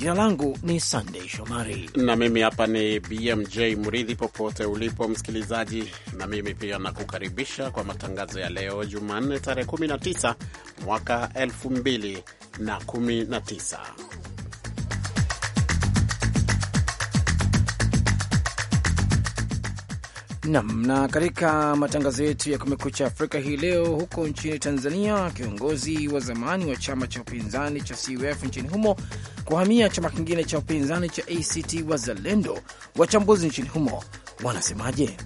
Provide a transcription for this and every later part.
Jina langu ni Sandey Shomari na mimi hapa ni BMJ Mridhi. Popote ulipo msikilizaji, na mimi pia nakukaribisha kwa matangazo ya leo Jumanne tarehe 19 mwaka 2019. Nam na, katika matangazo yetu ya Kumekucha Afrika hii leo, huko nchini Tanzania, kiongozi wa zamani wa chama cha upinzani cha CUF nchini humo kuhamia chama kingine cha upinzani cha ACT Wazalendo, wachambuzi nchini humo wanasemaje?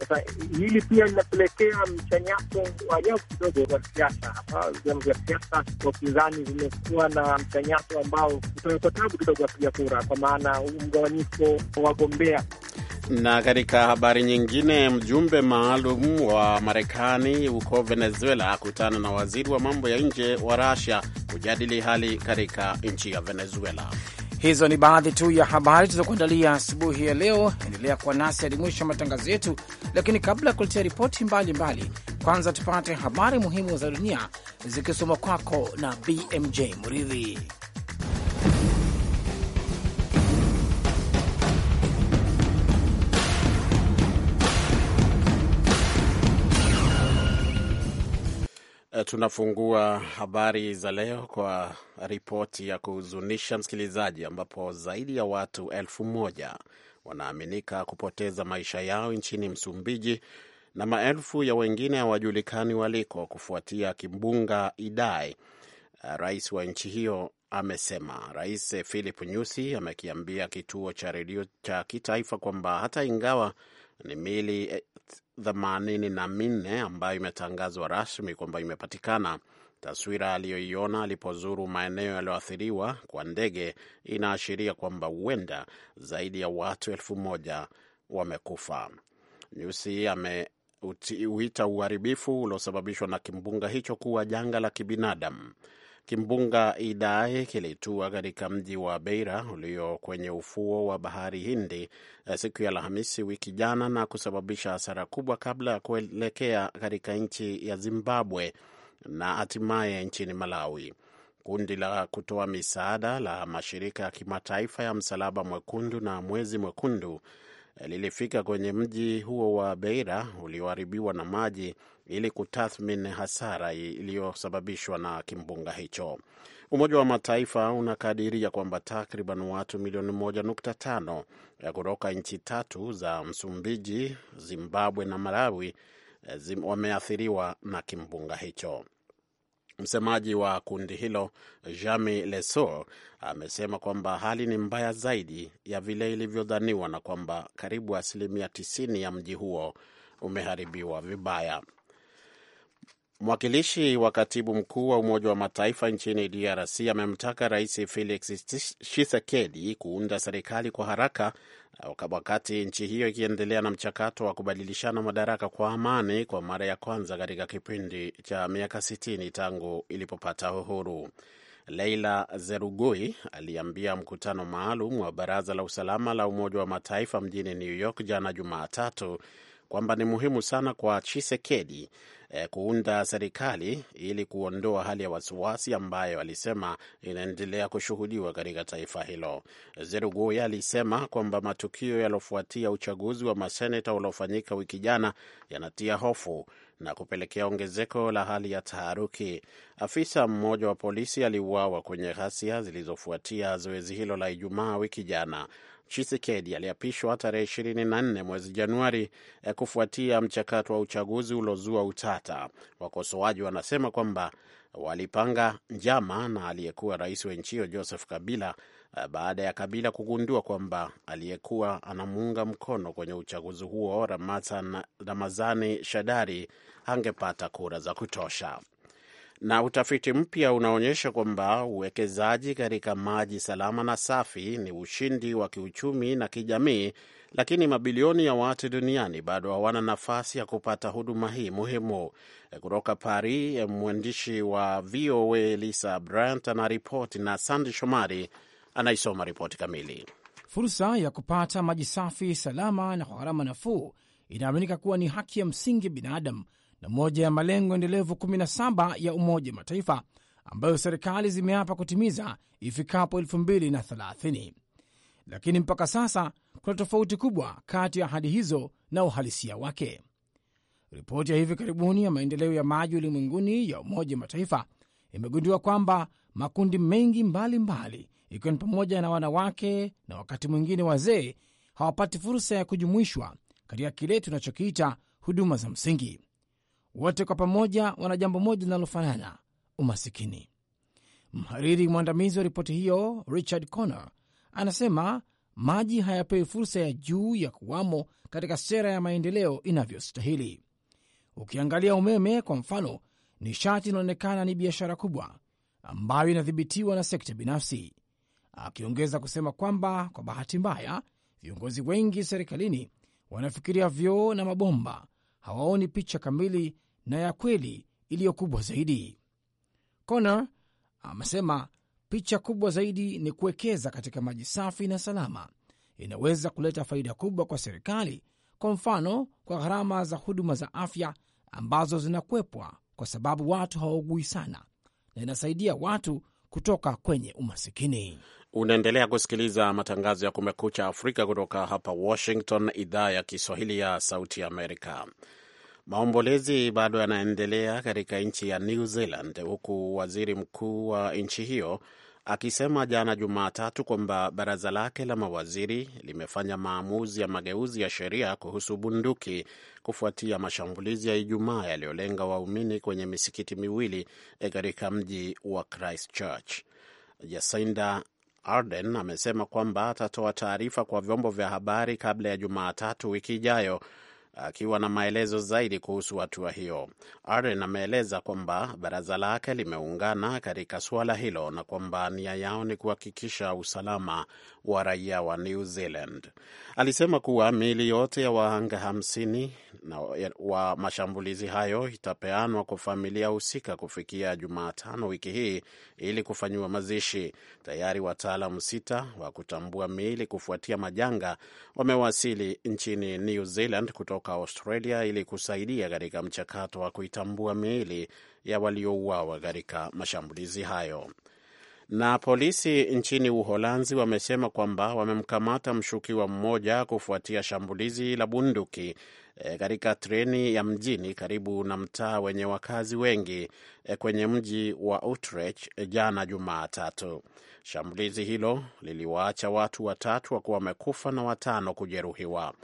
Sasa hili pia linapelekea mchanyaso wa ajabu kidogo wa siasa hapa. Vyama vya siasa wa upinzani vimekuwa na mchanyaso ambao utaweka tabu kidogo wapiga kura, kwa maana mgawanyiko wa wagombea na katika habari nyingine, mjumbe maalum wa Marekani huko Venezuela akutana na waziri wa mambo ya nje wa rasia kujadili hali katika nchi ya Venezuela. Hizo ni baadhi tu ya habari tulizokuandalia asubuhi ya leo. Endelea kuwa nasi hadi mwisho wa matangazo yetu, lakini kabla ya kuletea ripoti mbalimbali, kwanza tupate habari muhimu za dunia zikisoma kwako na BMJ Muridhi. Eh, tunafungua habari za leo kwa ripoti ya kuhuzunisha msikilizaji, ambapo zaidi ya watu elfu moja wanaaminika kupoteza maisha yao nchini Msumbiji na maelfu ya wengine hawajulikani waliko kufuatia kimbunga Idai. Eh, rais wa nchi hiyo amesema. Rais Philip Nyusi amekiambia kituo cha redio cha kitaifa kwamba hata ingawa ni mili 84 ambayo imetangazwa rasmi kwamba imepatikana. Taswira aliyoiona alipozuru maeneo yaliyoathiriwa kwa ndege inaashiria kwamba huenda zaidi ya watu elfu moja wamekufa. Nyusi ameuita uharibifu uliosababishwa na kimbunga hicho kuwa janga la kibinadamu. Kimbunga Idai kilitua katika mji wa Beira ulio kwenye ufuo wa bahari Hindi eh, siku ya Alhamisi wiki jana na kusababisha hasara kubwa kabla ya kuelekea katika nchi ya Zimbabwe na hatimaye nchini Malawi. Kundi la kutoa misaada la mashirika ya kimataifa ya Msalaba Mwekundu na Mwezi Mwekundu eh, lilifika kwenye mji huo wa Beira ulioharibiwa na maji ili kutathmini hasara iliyosababishwa na kimbunga hicho. Umoja wa Mataifa unakadiria kwamba takriban watu milioni 1.5 eh, kutoka nchi tatu za Msumbiji, Zimbabwe na Malawi eh, zim, wameathiriwa na kimbunga hicho. Msemaji wa kundi hilo Jami Lesor amesema kwamba hali ni mbaya zaidi ya vile ilivyodhaniwa na kwamba karibu asilimia 90 ya mji huo umeharibiwa vibaya. Mwakilishi wa katibu mkuu wa Umoja wa Mataifa nchini DRC amemtaka Rais Felix Tshisekedi kuunda serikali kwa haraka wakati nchi hiyo ikiendelea na mchakato wa kubadilishana madaraka kwa amani kwa mara ya kwanza katika kipindi cha miaka 60 tangu ilipopata uhuru. Leila Zerugui aliambia mkutano maalum wa Baraza la Usalama la Umoja wa Mataifa mjini New York jana Jumatatu kwamba ni muhimu sana kwa Chisekedi eh, kuunda serikali ili kuondoa hali ya wasiwasi ambayo alisema inaendelea kushuhudiwa katika taifa hilo. Zerugui alisema kwamba matukio yaliofuatia uchaguzi wa maseneta uliofanyika wiki jana yanatia hofu na kupelekea ongezeko la hali ya taharuki. Afisa mmoja wa polisi aliuawa kwenye ghasia zilizofuatia zoezi hilo la Ijumaa wiki jana. Chisekedi aliapishwa tarehe ishirini na nne mwezi Januari eh, kufuatia mchakato wa uchaguzi uliozua utata. Wakosoaji wanasema kwamba walipanga njama na aliyekuwa rais wa nchi hiyo Joseph Kabila eh, baada ya Kabila kugundua kwamba aliyekuwa anamuunga mkono kwenye uchaguzi huo Ramazani Shadari angepata kura za kutosha na utafiti mpya unaonyesha kwamba uwekezaji katika maji salama na safi ni ushindi wa kiuchumi na kijamii, lakini mabilioni ya watu duniani bado hawana nafasi ya kupata huduma hii muhimu. Kutoka Paris, mwandishi wa VOA Lisa Bryant anaripoti na Sandi Shomari anaisoma ripoti kamili. Fursa ya kupata maji safi, salama na kwa gharama nafuu inaaminika kuwa ni haki ya msingi binadamu na moja ya malengo endelevu 17 ya Umoja wa Mataifa ambayo serikali zimeapa kutimiza ifikapo 2030 lakini mpaka sasa kuna tofauti kubwa kati ya ahadi hizo na uhalisia wake. Ripoti ya hivi karibuni ya maendeleo ya maji ulimwenguni ya Umoja wa Mataifa imegundua kwamba makundi mengi mbalimbali, ikiwa ni pamoja na wanawake na wakati mwingine wazee, hawapati fursa ya kujumuishwa katika kile tunachokiita huduma za msingi wote kwa pamoja wana jambo moja linalofanana: umasikini. Mhariri mwandamizi wa ripoti hiyo Richard Connor anasema maji hayapewi fursa ya juu ya kuwamo katika sera ya maendeleo inavyostahili. Ukiangalia umeme kwa mfano, nishati inaonekana ni biashara kubwa ambayo inadhibitiwa na sekta binafsi, akiongeza kusema kwamba kwa bahati mbaya viongozi wengi serikalini wanafikiria vyoo na mabomba, hawaoni picha kamili na ya kweli iliyo kubwa zaidi. Connor amesema picha kubwa zaidi ni kuwekeza katika maji safi na salama, inaweza kuleta faida kubwa kwa serikali, kwa mfano kwa gharama za huduma za afya ambazo zinakwepwa kwa sababu watu hawaugui sana, na inasaidia watu kutoka kwenye umasikini. Unaendelea kusikiliza matangazo ya Kumekucha Afrika kutoka hapa Washington, idhaa ya Kiswahili ya Sauti ya Amerika. Maombolezi bado yanaendelea katika nchi ya New Zealand, huku waziri mkuu wa nchi hiyo akisema jana Jumatatu kwamba baraza lake la mawaziri limefanya maamuzi ya mageuzi ya sheria kuhusu bunduki kufuatia mashambulizi ya Ijumaa yaliyolenga waumini kwenye misikiti miwili eh, katika mji wa Christchurch. Jacinda arden amesema kwamba atatoa taarifa kwa vyombo vya habari kabla ya Jumatatu wiki ijayo akiwa na maelezo zaidi kuhusu hatua hiyo. Aren ameeleza kwamba baraza lake limeungana katika suala hilo na kwamba nia yao ni kuhakikisha usalama wa raia wa New Zealand. Alisema kuwa miili yote ya wahanga hamsini na wa mashambulizi hayo itapeanwa kwa familia husika kufikia Jumatano wiki hii ili kufanyiwa mazishi. Tayari wataalamu sita wa kutambua miili kufuatia majanga wamewasili nchini New Zealand kutoka kutoka Australia ili kusaidia katika mchakato wa kuitambua miili ya waliouawa katika mashambulizi hayo. Na polisi nchini Uholanzi wamesema kwamba wamemkamata mshukiwa mmoja kufuatia shambulizi la bunduki e, katika treni ya mjini karibu na mtaa wenye wakazi wengi e, kwenye mji wa Utrecht e, jana Jumatatu. Shambulizi hilo liliwaacha watu watatu wakuwa wamekufa na watano kujeruhiwa.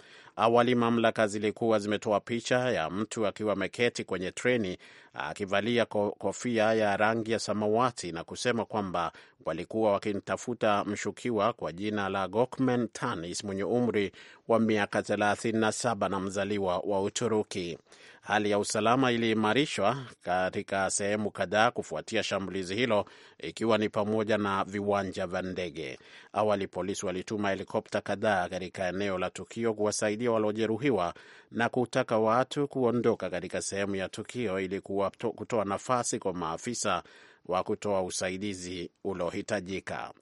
Awali mamlaka zilikuwa zimetoa picha ya mtu akiwa ameketi kwenye treni akivalia kofia ya rangi ya samawati na kusema kwamba walikuwa wakimtafuta mshukiwa kwa jina la Gokmen Tanis mwenye umri wa miaka 37 na mzaliwa wa Uturuki. Hali ya usalama iliimarishwa katika sehemu kadhaa kufuatia shambulizi hilo, ikiwa ni pamoja na viwanja vya ndege. Awali polisi walituma helikopta kadhaa katika eneo la tukio kuwasaidia abiria waliojeruhiwa na kutaka watu kuondoka katika sehemu ya tukio ili kutoa nafasi kwa maafisa wa kutoa usaidizi uliohitajika.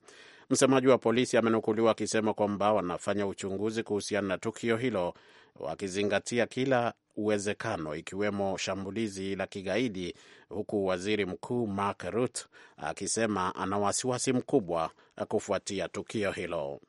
Msemaji wa polisi amenukuliwa akisema kwamba wanafanya uchunguzi kuhusiana na tukio hilo wakizingatia kila uwezekano ikiwemo shambulizi la kigaidi, huku waziri mkuu Mark Rutte akisema ana wasiwasi mkubwa kufuatia tukio hilo.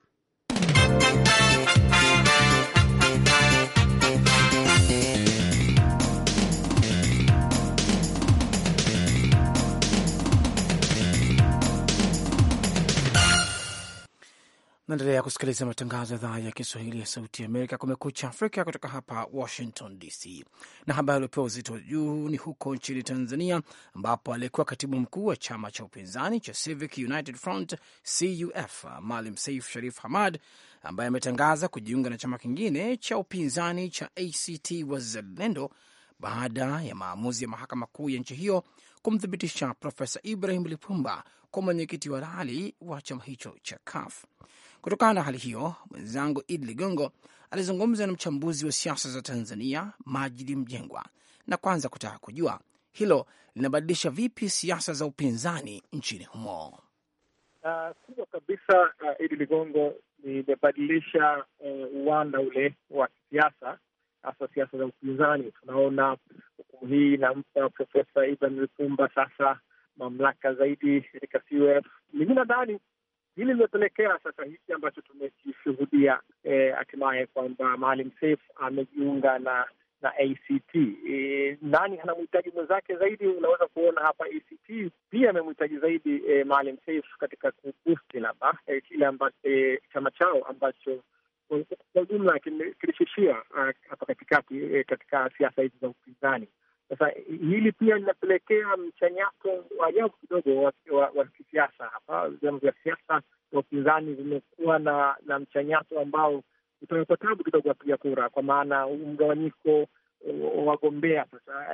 Naendelea kusikiliza matangazo ya idhaa ya Kiswahili ya Sauti ya Amerika, Kumekucha Afrika, kutoka hapa Washington DC. Na habari iliyopewa uzito wa juu ni huko nchini Tanzania, ambapo aliyekuwa katibu mkuu wa chama cha upinzani cha Civic United Front CUF Maalim saif Sharif Hamad, ambaye ametangaza kujiunga na chama kingine cha upinzani cha ACT Wazalendo baada ya maamuzi ya mahakama kuu ya nchi hiyo kumthibitisha Profesa Ibrahim Lipumba kwa mwenyekiti wa rali wa chama hicho cha CUF. Kutokana na hali hiyo, mwenzangu Idi Ligongo alizungumza na mchambuzi wa siasa za Tanzania Majidi Mjengwa, na kwanza kutaka kujua hilo linabadilisha vipi siasa za upinzani nchini humo. Uh, kubwa kabisa uh, ah, Idi Ligongo, limebadilisha eh, uwanda uh, ule wa kisiasa, hasa siasa za upinzani. Tunaona hukumu hii inampa Profesa Ivan Lipumba sasa mamlaka zaidi katika. Mimi nadhani Hili lilopelekea sasa hiki ambacho tumekishuhudia eh, hatimaye, e, kwamba Maalim Seif amejiunga na na ACT. E, nani anamhitaji mwenzake zaidi? Unaweza kuona hapa ACT pia amemhitaji zaidi e, Maalim Seif katika kubusti labda e, kile amba, e, chama chao ambacho kwa ujumla kilishishia hapa katikati e, katika siasa hizi za upinzani. Sasa hili pia linapelekea mchanyako wa ajabu kidogo wa, wa, wa kisiasa hapa. Vyama vya siasa na upinzani vimekuwa na na mchanyato ambao utawekwa tabu kidogo wapiga kura, kwa maana mgawanyiko wagombea sasa,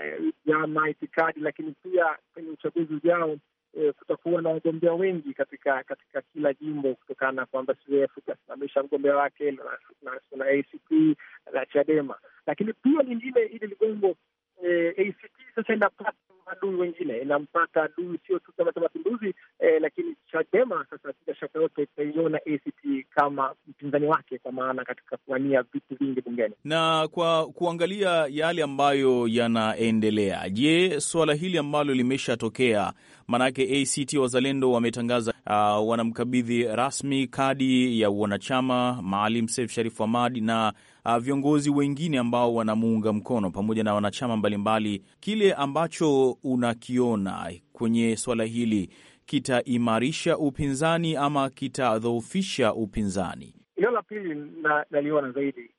vyama, itikadi, lakini pia kwenye uchaguzi ujao e, kutakuwa na wagombea wengi katika katika kila jimbo, kutokana na kwamba CUF itasimamisha mgombea wake na, na, na ACT na Chadema. Lakini pia lingine, ili ligongo eh, ACT sasa inapata adui wengine, inampata adui sio tu Chama cha Mapinduzi eh, lakini Chadema sasa bila shaka yote itaiona ACT kama mpinzani wake, kwa maana katika kuwania vitu vingi bungeni na kwa kuangalia yale ambayo yanaendelea. Je, suala hili ambalo limeshatokea, maanake ACT Wazalendo wametangaza uh, wanamkabidhi rasmi kadi ya wanachama Maalim Seif Sharif Hamad na uh, viongozi wengine ambao wanamuunga mkono pamoja na wanachama mbalimbali, kile ambacho unakiona kwenye swala hili kitaimarisha upinzani ama kitadhoofisha upinzani? Eneo la pili naliona na zaidi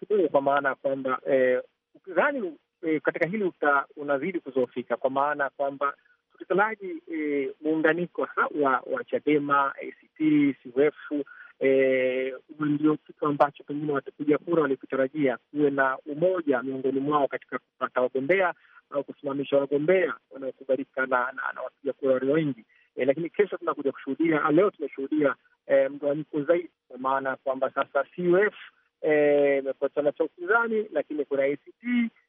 kidogo, kwa maana ya kwamba eh, upinzani eh, katika hili uta, unazidi kuzoofika kwa maana ya kwamba utekelezaji eh, muunganiko wa, wa Chadema, ACT, CUF e, ndio kitu ambacho pengine watapiga kura walikitarajia, kuwe na umoja miongoni mwao katika kupata wagombea au kusimamisha wagombea wanaokubalika na, na, na wapiga kura walio wengi e, lakini kesho tunakuja kushuhudia, ah, leo tumeshuhudia e, mgawanyiko zaidi, kwa maana ya kwamba sasa CUF imekuwa chama cha upinzani, lakini kuna ACT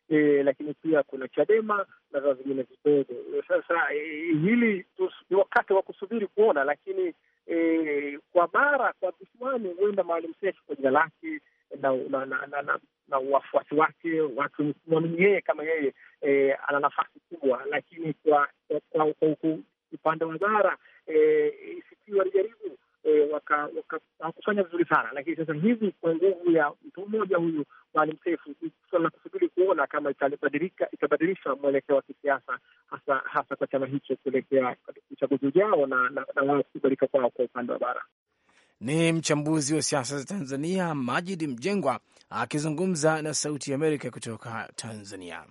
E, lakini pia kuna Chadema na vaa vingine vidogo. Sasa e, hili ni wakati wa kusubiri kuona, lakini e, kwa bara kwa visiwani, huenda Maalim Seif kwa jina lake na, na, na, na, na, na wafuasi wake wakimwamini yeye kama yeye e, ana nafasi kubwa, lakini kwa upande wa bara e, isikiwa alijaribu e, hawakufanya vizuri sana, lakini sasa hivi kwa nguvu ya mtu mmoja huyu Maalim Seif, suala la kusubiri kuona kama itabadilika, itabadilisha mwelekeo wa kisiasa hasa hasa kwa chama hicho kuelekea uchaguzi ujao na, na, na wao kukubalika kwao kwa upande wa bara. Ni mchambuzi wa siasa za Tanzania Majid Mjengwa akizungumza na Sauti ya Amerika kutoka Tanzania.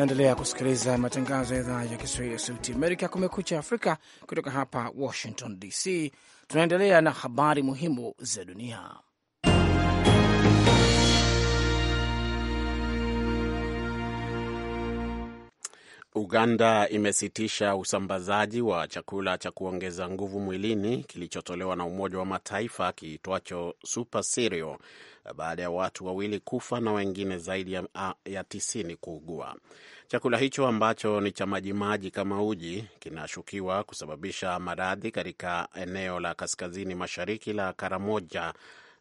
Naendelea kusikiliza matangazo ya idhaa ya Kiswahili ya Sauti Amerika, Kumekucha Afrika, kutoka hapa Washington DC. Tunaendelea na habari muhimu za dunia. Uganda imesitisha usambazaji wa chakula cha kuongeza nguvu mwilini kilichotolewa na Umoja wa Mataifa kiitwacho Super Cereal baada ya watu wawili kufa na wengine zaidi ya, ya tisini kuugua. Chakula hicho ambacho ni cha majimaji kama uji kinashukiwa kusababisha maradhi katika eneo la kaskazini mashariki la Karamoja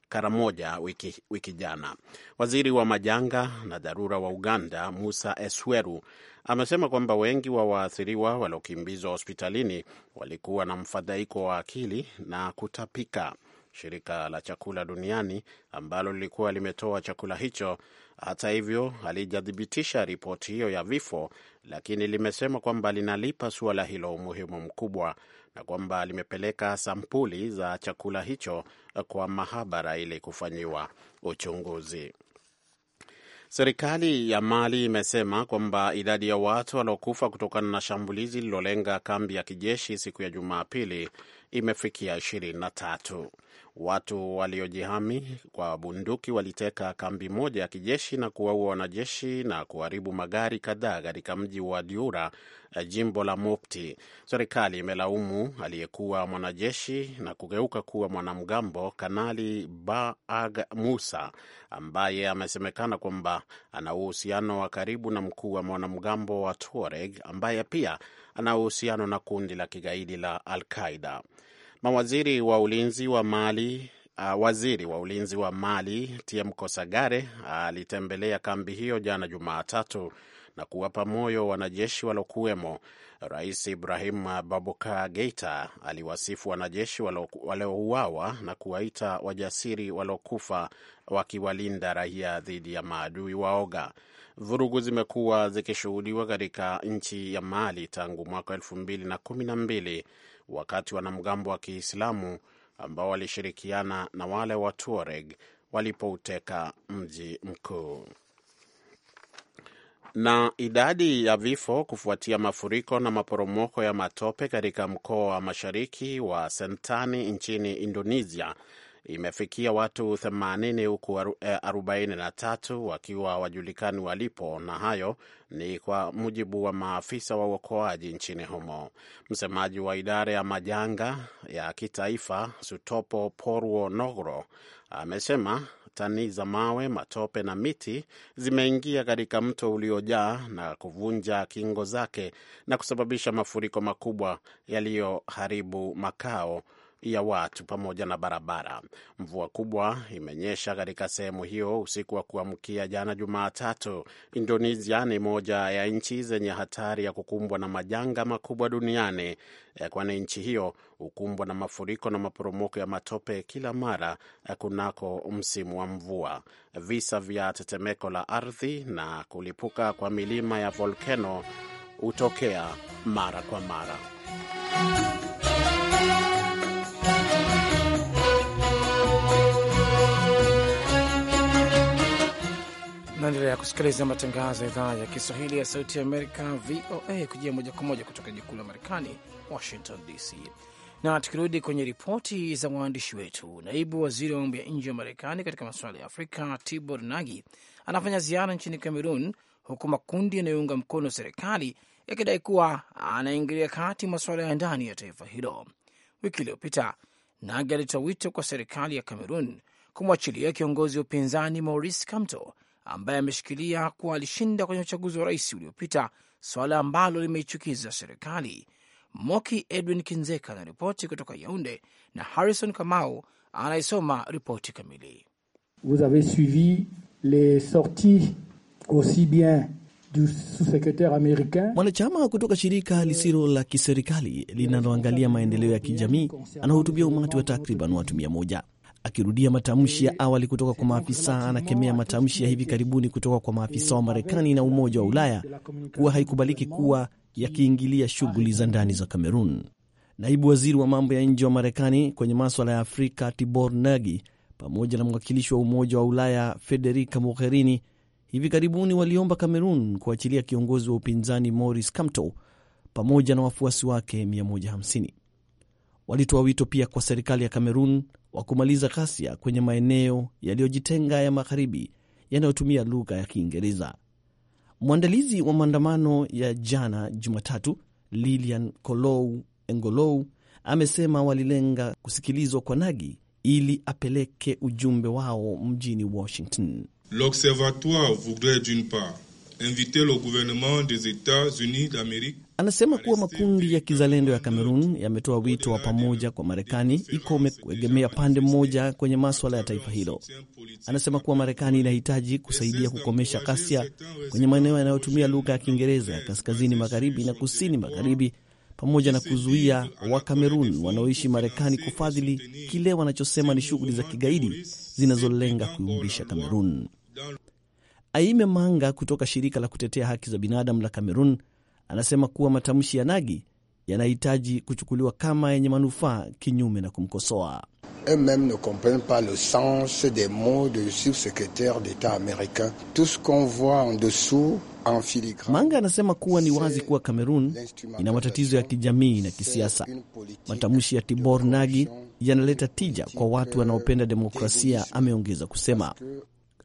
Karamoja wiki, wiki jana. Waziri wa majanga na dharura wa Uganda Musa Esweru amesema kwamba wengi wa waathiriwa waliokimbizwa hospitalini walikuwa na mfadhaiko wa akili na kutapika. Shirika la chakula duniani ambalo lilikuwa limetoa chakula hicho, hata hivyo, halijathibitisha ripoti hiyo ya vifo, lakini limesema kwamba linalipa suala hilo umuhimu mkubwa na kwamba limepeleka sampuli za chakula hicho kwa mahabara ili kufanyiwa uchunguzi. Serikali ya Mali imesema kwamba idadi ya watu waliokufa kutokana na shambulizi lililolenga kambi ya kijeshi siku ya Jumapili imefikia ishirini na tatu. Watu waliojihami kwa bunduki waliteka kambi moja ya kijeshi na kuwaua wanajeshi na kuharibu magari kadhaa katika mji wa Diura, eh, jimbo la Mopti. Serikali imelaumu aliyekuwa mwanajeshi na kugeuka kuwa mwanamgambo Kanali Baag Musa ambaye amesemekana kwamba ana uhusiano wa karibu na mkuu wa mwanamgambo wa Tuareg ambaye pia ana uhusiano na kundi la kigaidi la Al Qaida. Mawaziri wa ulinzi wa Mali uh, waziri wa ulinzi wa Mali TM Kosagare alitembelea uh, kambi hiyo jana Jumatatu na kuwapa moyo wanajeshi waliokuwemo. Rais Ibrahim babuka Geita aliwasifu wanajeshi waliouawa na kuwaita wajasiri waliokufa wakiwalinda raia dhidi ya maadui waoga. Vurugu zimekuwa zikishuhudiwa katika nchi ya Mali tangu mwaka elfu mbili na kumi na mbili wakati wanamgambo wa Kiislamu ambao walishirikiana na wale wa Tuareg walipouteka mji mkuu. Na idadi ya vifo kufuatia mafuriko na maporomoko ya matope katika mkoa wa mashariki wa Sentani nchini Indonesia imefikia watu 80 huku 43 eh, wakiwa wajulikani walipo, na hayo ni kwa mujibu wa maafisa wa uokoaji nchini humo. Msemaji wa idara ya majanga ya kitaifa Sutopo Porwo Nogro amesema tani za mawe, matope na miti zimeingia katika mto uliojaa na kuvunja kingo zake na kusababisha mafuriko makubwa yaliyoharibu makao ya watu pamoja na barabara. Mvua kubwa imenyesha katika sehemu hiyo usiku wa kuamkia jana Jumatatu. Indonesia ni moja ya nchi zenye hatari ya kukumbwa na majanga makubwa duniani, eh, kwani nchi hiyo hukumbwa na mafuriko na maporomoko ya matope kila mara eh, kunako msimu wa mvua. Visa vya tetemeko la ardhi na kulipuka kwa milima ya volkeno hutokea mara kwa mara. Naendelea kusikiliza matangazo ya idhaa ya Kiswahili ya Sauti ya Amerika, VOA, kujia moja kwa moja kutoka jukuu la Marekani, Washington DC. Na tukirudi kwenye ripoti za waandishi wetu, naibu waziri wa mambo ya nje wa Marekani katika masuala ya Afrika Tibor Nagi anafanya ziara nchini Cameroon, huku makundi yanayounga mkono serikali yakidai kuwa anaingilia kati masuala ya ndani ya taifa hilo. Wiki iliyopita Nagi alitoa wito kwa serikali ya Cameroon kumwachilia kiongozi wa upinzani Maurice Kamto ambaye ameshikilia kuwa alishinda kwenye uchaguzi wa rais uliopita, suala ambalo limeichukiza serikali. Moki Edwin Kinzeka anaripoti kutoka Yaunde na Harrison Kamau anayesoma ripoti kamili. Vous avez suivi les sorties aussi bien Mwanachama kutoka shirika lisilo la kiserikali linaloangalia maendeleo ya kijamii anahutubia umati wa takriban watu mia moja. Akirudia matamshi ya awali kutoka kwa maafisa, anakemea matamshi ya hivi karibuni kutoka kwa maafisa wa Marekani na Umoja wa Ulaya kuwa haikubaliki kuwa yakiingilia shughuli za ndani za Kamerun. Naibu waziri wa mambo ya nje wa Marekani kwenye maswala ya Afrika Tibor Nagi pamoja na mwakilishi wa Umoja wa Ulaya Federica Mogherini hivi karibuni waliomba Kamerun kuachilia kiongozi wa upinzani Maurice Kamto pamoja na wafuasi wake 150. Walitoa wito pia kwa serikali ya Kamerun wa kumaliza ghasia kwenye maeneo yaliyojitenga ya magharibi yanayotumia lugha ya Kiingereza. Mwandalizi wa maandamano ya jana Jumatatu, Lilian Kolou Engolou, amesema walilenga kusikilizwa kwa Nagi ili apeleke ujumbe wao mjini Washington. L'observatoire voudrait d'une part inviter le gouvernement des Etats-Unis d'Amerique Anasema kuwa makundi ya kizalendo ya Kamerun yametoa wito wa pamoja kwa Marekani ikome kuegemea pande mmoja kwenye maswala ya taifa hilo. Anasema kuwa Marekani inahitaji kusaidia kukomesha ghasia kwenye maeneo yanayotumia lugha ya Kiingereza ya kaskazini magharibi na kusini magharibi, pamoja na kuzuia Wakamerun wanaoishi Marekani kufadhili kile wanachosema ni shughuli za kigaidi zinazolenga kuiumbisha Kamerun. Aime Manga kutoka shirika la kutetea haki za binadamu la Kamerun Anasema kuwa matamshi ya Nagi yanahitaji kuchukuliwa kama yenye manufaa, kinyume na kumkosoa. eux ne comprennent pas le sens des mots du sous-secrétaire américain. Tout ce qu'on voit en dessous Manga anasema kuwa ni wazi kuwa cameron ina matatizo ya kijamii na kisiasa. Matamshi ya Tibor Nagi yanaleta tija kwa watu wanaopenda demokrasia, ameongeza kusema.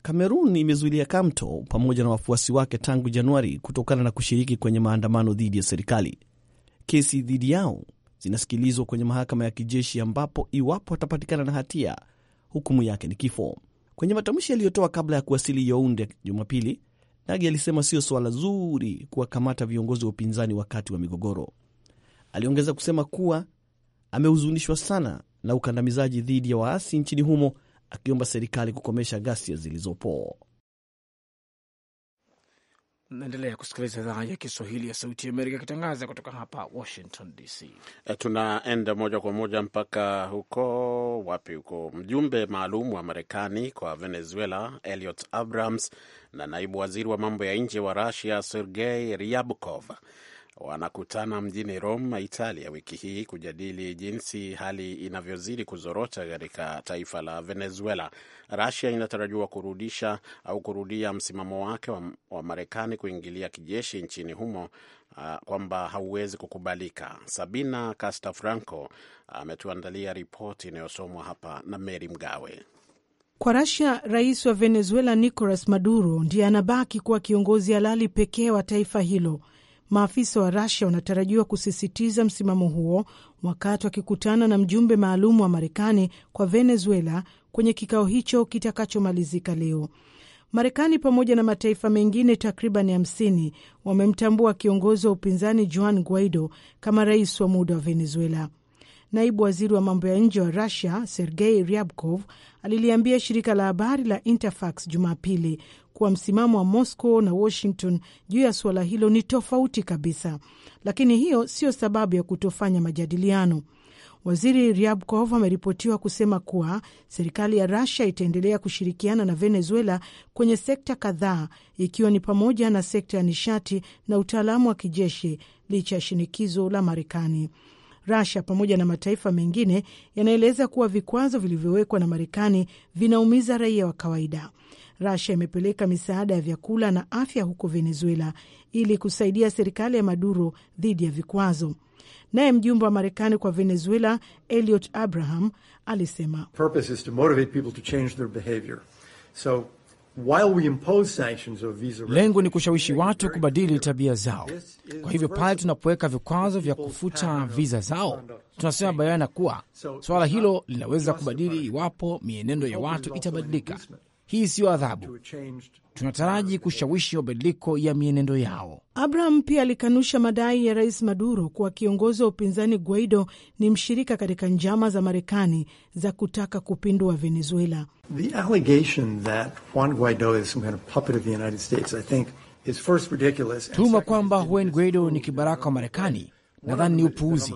Kamerun imezuilia Kamto pamoja na wafuasi wake tangu Januari kutokana na kushiriki kwenye maandamano dhidi ya serikali. Kesi dhidi yao zinasikilizwa kwenye mahakama ya kijeshi ambapo iwapo atapatikana na hatia, hukumu yake ni kifo. Kwenye matamshi yaliyotoa kabla ya kuwasili younde Jumapili, Nagi alisema sio suala zuri kuwakamata viongozi wa upinzani wakati wa migogoro. Aliongeza kusema kuwa amehuzunishwa sana na ukandamizaji dhidi ya waasi nchini humo akiomba serikali kukomesha ghasia zilizopo. Naendelea kusikiliza idhaa ya Kiswahili ya Sauti ya Amerika ikitangaza kutoka hapa Washington DC. E, tunaenda moja kwa moja mpaka huko wapi? Huko mjumbe maalum wa Marekani kwa Venezuela Elliot Abrams na naibu waziri wa mambo ya nje wa Rusia Sergei Ryabkov wanakutana mjini Roma, Italia, wiki hii kujadili jinsi hali inavyozidi kuzorota katika taifa la Venezuela. rasia inatarajiwa kurudisha au kurudia msimamo wake wa, wa Marekani kuingilia kijeshi nchini humo uh, kwamba hauwezi kukubalika. Sabina casta franco ametuandalia uh, ripoti inayosomwa hapa na Meri Mgawe. Kwa Rasia, rais wa Venezuela Nicolas Maduro ndiye anabaki kuwa kiongozi halali pekee wa taifa hilo Maafisa wa Rasia wanatarajiwa kusisitiza msimamo huo wakati wakikutana na mjumbe maalum wa Marekani kwa Venezuela kwenye kikao hicho kitakachomalizika leo. Marekani pamoja na mataifa mengine takriban 50 wamemtambua kiongozi wa upinzani Juan Guaido kama rais wa muda wa Venezuela. Naibu waziri wa mambo ya nje wa Rusia Sergei Ryabkov aliliambia shirika la habari la Interfax Jumapili kuwa msimamo wa Moscow na Washington juu ya suala hilo ni tofauti kabisa, lakini hiyo siyo sababu ya kutofanya majadiliano. Waziri Ryabkov ameripotiwa kusema kuwa serikali ya Russia itaendelea kushirikiana na Venezuela kwenye sekta kadhaa, ikiwa ni pamoja na sekta ya nishati na utaalamu wa kijeshi, licha ya shinikizo la Marekani. Russia pamoja na mataifa mengine yanaeleza kuwa vikwazo vilivyowekwa na Marekani vinaumiza raia wa kawaida. Rasia imepeleka misaada ya vyakula na afya huko Venezuela ili kusaidia serikali ya Maduro dhidi ya vikwazo. Naye mjumbe wa Marekani kwa Venezuela Eliot Abraham alisema lengo ni kushawishi watu kubadili tabia zao. Kwa hivyo pale tunapoweka vikwazo vya kufuta viza zao, tunasema bayana kuwa suala hilo linaweza kubadili iwapo mienendo ya watu itabadilika hii siyo adhabu. Tunataraji kushawishi mabadiliko ya mienendo yao. Abraham pia alikanusha madai ya Rais Maduro kuwa kiongozi wa upinzani Guaido ni mshirika katika njama za Marekani za kutaka kupindua Venezuela. Tuma kwamba Juan Guaido ni kibaraka wa Marekani nadhani ni upuuzi,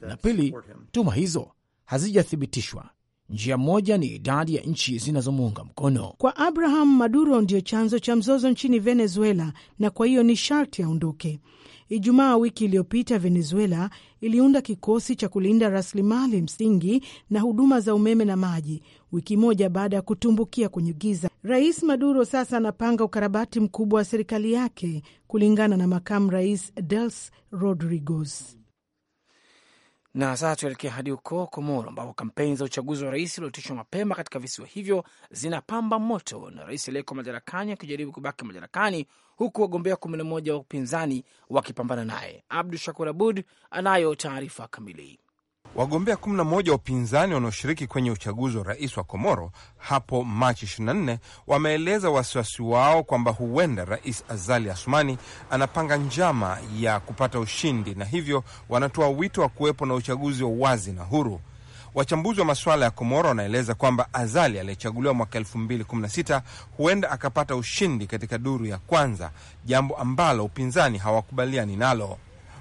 na pili, tuma hizo hazijathibitishwa. Njia moja ni idadi ya nchi zinazomuunga mkono. Kwa Abraham, Maduro ndiyo chanzo cha mzozo nchini Venezuela, na kwa hiyo ni sharti aondoke. Ijumaa wiki iliyopita Venezuela iliunda kikosi cha kulinda rasilimali msingi na huduma za umeme na maji, wiki moja baada ya kutumbukia kwenye giza. Rais Maduro sasa anapanga ukarabati mkubwa wa serikali yake, kulingana na makamu rais Dels rodrigos na sasa tuelekea hadi huko Komoro ambapo kampeni za uchaguzi wa rais ulioitishwa mapema katika visiwa hivyo zinapamba moto na rais aliyeko madarakani akijaribu kubaki madarakani huku wagombea kumi na moja wa upinzani wakipambana naye. Abdu Shakur Abud anayo taarifa kamili. Wagombea 11 wa upinzani wanaoshiriki kwenye uchaguzi wa rais wa Komoro hapo Machi 24 wameeleza wasiwasi wao kwamba huenda Rais Azali Asumani anapanga njama ya kupata ushindi, na hivyo wanatoa wito wa kuwepo na uchaguzi wa wazi na huru. Wachambuzi wa masuala ya Komoro wanaeleza kwamba Azali aliyechaguliwa mwaka 2016 huenda akapata ushindi katika duru ya kwanza, jambo ambalo upinzani hawakubaliani nalo.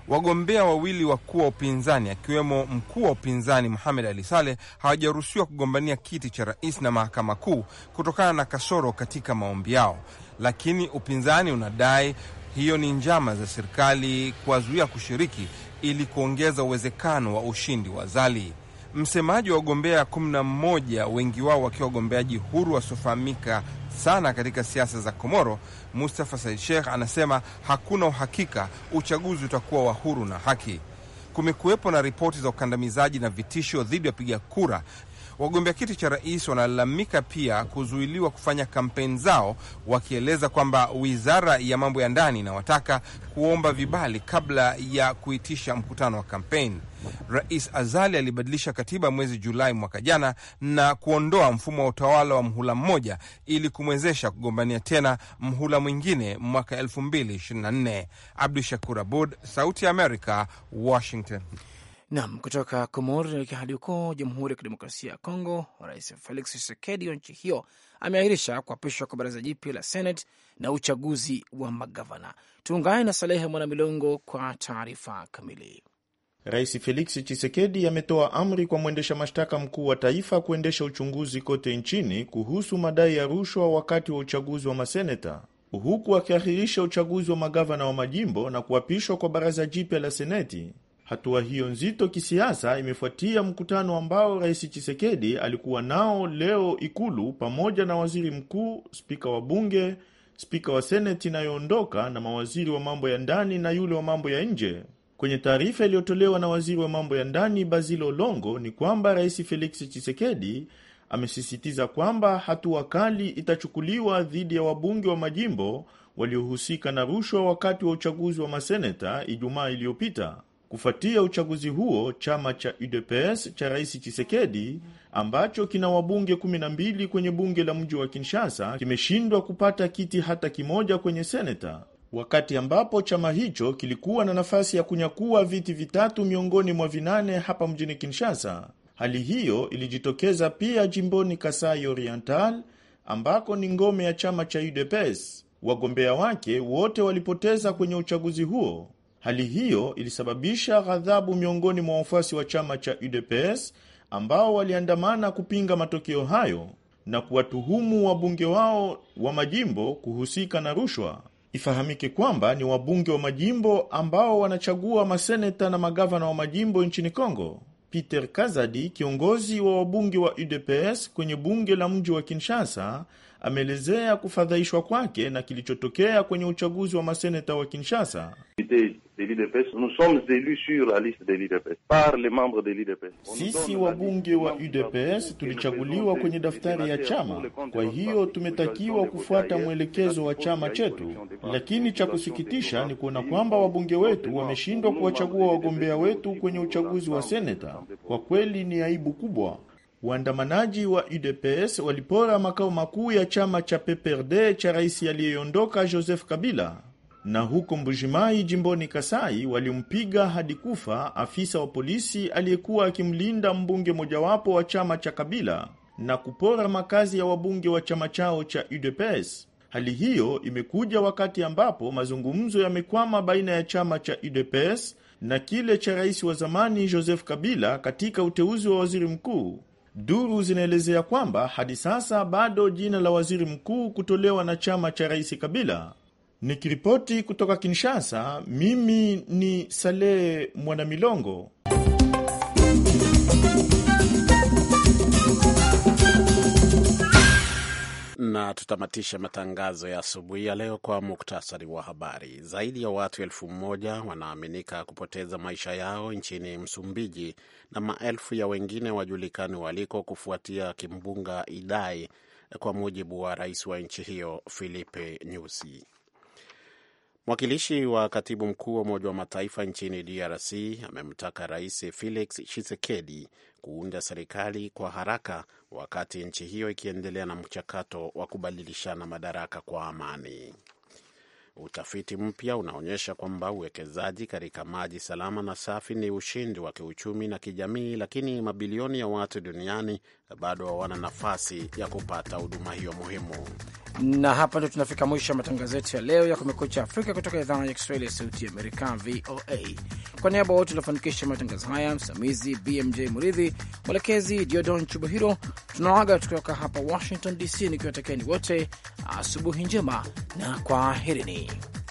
Wagombea wawili wakuu wa upinzani akiwemo mkuu wa upinzani muhamed Ali Saleh hawajaruhusiwa kugombania kiti cha rais na mahakama kuu kutokana na kasoro katika maombi yao, lakini upinzani unadai hiyo ni njama za serikali kuwazuia kushiriki ili kuongeza uwezekano wa ushindi wa Zali. Msemaji wa wagombea 11 wengi wao wakiwa wagombeaji huru wasiofahamika sana katika siasa za Komoro, Mustafa Said Sheikh anasema hakuna uhakika uchaguzi utakuwa wa huru na haki. Kumekuwepo na ripoti za ukandamizaji na vitisho dhidi ya wapiga kura Wagombea kiti cha rais wanalalamika pia kuzuiliwa kufanya kampeni zao, wakieleza kwamba wizara ya mambo ya ndani inawataka kuomba vibali kabla ya kuitisha mkutano wa kampeni. Rais Azali alibadilisha katiba mwezi Julai mwaka jana na kuondoa mfumo wa utawala wa mhula mmoja ili kumwezesha kugombania tena mhula mwingine mwaka 2024. Abdu Shakur Abud, Sauti ya Amerika, Washington. Nam kutoka Komor hadi huko Jamhuri ya Kidemokrasia ya Kongo, Rais Felix Tshisekedi wa nchi hiyo ameahirisha kuapishwa kwa baraza jipya la Senate na uchaguzi wa magavana. Tuungane na Salehe Mwanamilongo kwa taarifa kamili. Rais Felix Chisekedi ametoa amri kwa mwendesha mashtaka mkuu wa taifa kuendesha uchunguzi kote nchini kuhusu madai ya rushwa wakati wa uchaguzi wa maseneta, huku akiahirisha uchaguzi wa magavana wa majimbo na kuapishwa kwa baraza jipya la Seneti Hatua hiyo nzito kisiasa imefuatia mkutano ambao Rais Chisekedi alikuwa nao leo Ikulu pamoja na waziri mkuu, spika wa bunge, spika wa seneti inayoondoka na mawaziri wa mambo ya ndani na yule wa mambo ya nje. Kwenye taarifa iliyotolewa na waziri wa mambo ya ndani Basil Olongo ni kwamba Rais feliksi Chisekedi amesisitiza kwamba hatua kali itachukuliwa dhidi ya wabunge wa majimbo waliohusika na rushwa wakati wa uchaguzi wa maseneta Ijumaa iliyopita. Kufuatia uchaguzi huo, chama cha UDPS cha Rais Chisekedi ambacho kina wabunge 12 kwenye bunge la mji wa Kinshasa kimeshindwa kupata kiti hata kimoja kwenye seneta, wakati ambapo chama hicho kilikuwa na nafasi ya kunyakua viti vitatu miongoni mwa vinane hapa mjini Kinshasa. Hali hiyo ilijitokeza pia jimboni Kasai Oriental ambako ni ngome ya chama cha UDPS. Wagombea wake wote walipoteza kwenye uchaguzi huo. Hali hiyo ilisababisha ghadhabu miongoni mwa wafuasi wa chama cha UDPS ambao waliandamana kupinga matokeo hayo na kuwatuhumu wabunge wao wa majimbo kuhusika na rushwa. Ifahamike kwamba ni wabunge wa majimbo ambao wanachagua maseneta na magavana wa majimbo nchini Kongo. Peter Kazadi, kiongozi wa wabunge wa UDPS kwenye bunge la mji wa Kinshasa, ameelezea kufadhaishwa kwake na kilichotokea kwenye uchaguzi wa maseneta wa Kinshasa de l'UDPS. Nous sommes élus sur la liste de l'UDPS par les membres de l'UDPS. Sisi wabunge wa UDPS tulichaguliwa kwenye daftari ya chama, kwa hiyo tumetakiwa kufuata mwelekezo wa chama chetu. Lakini cha kusikitisha ni kuona kwamba wabunge wetu wameshindwa kuwachagua wagombea wetu kwenye uchaguzi wa seneta. Kwa kweli ni aibu kubwa. Waandamanaji wa UDPS walipora makao makuu ya chama cha PPRD cha rais aliyeondoka Joseph Kabila na huko Mbujimai jimboni Kasai walimpiga hadi kufa afisa wa polisi aliyekuwa akimlinda mbunge mojawapo wa chama cha Kabila na kupora makazi ya wabunge wa chama chao cha UDPS. Hali hiyo imekuja wakati ambapo mazungumzo yamekwama baina ya chama cha UDPS na kile cha rais wa zamani Joseph Kabila katika uteuzi wa waziri mkuu. Duru zinaelezea kwamba hadi sasa bado jina la waziri mkuu kutolewa na chama cha rais Kabila. Nikiripoti kutoka Kinshasa, mimi ni Saleh Mwanamilongo. Na tutamatisha matangazo ya asubuhi ya leo kwa muktasari wa habari. Zaidi ya watu elfu moja wanaaminika kupoteza maisha yao nchini Msumbiji na maelfu ya wengine wajulikani waliko kufuatia kimbunga Idai, kwa mujibu wa rais wa nchi hiyo Filipe Nyusi. Mwakilishi wa katibu mkuu wa Umoja wa Mataifa nchini DRC amemtaka Rais Felix Tshisekedi kuunda serikali kwa haraka wakati nchi hiyo ikiendelea na mchakato wa kubadilishana madaraka kwa amani. Utafiti mpya unaonyesha kwamba uwekezaji katika maji salama na safi ni ushindi wa kiuchumi na kijamii, lakini mabilioni ya watu duniani bado hawana nafasi ya kupata huduma hiyo muhimu. Na hapa ndio tunafika mwisho wa matangazo yetu ya leo ya Kumekucha Afrika kutoka idhaa ya Kiswahili ya Sauti ya Amerika, VOA. Kwa niaba wote waliofanikisha matangazo haya, msimamizi BMJ Muridhi, mwelekezi Diodon Chubuhiro, tunawaaga kutoka hapa Washington DC nikiwatakieni wote asubuhi njema na kwaherini. me.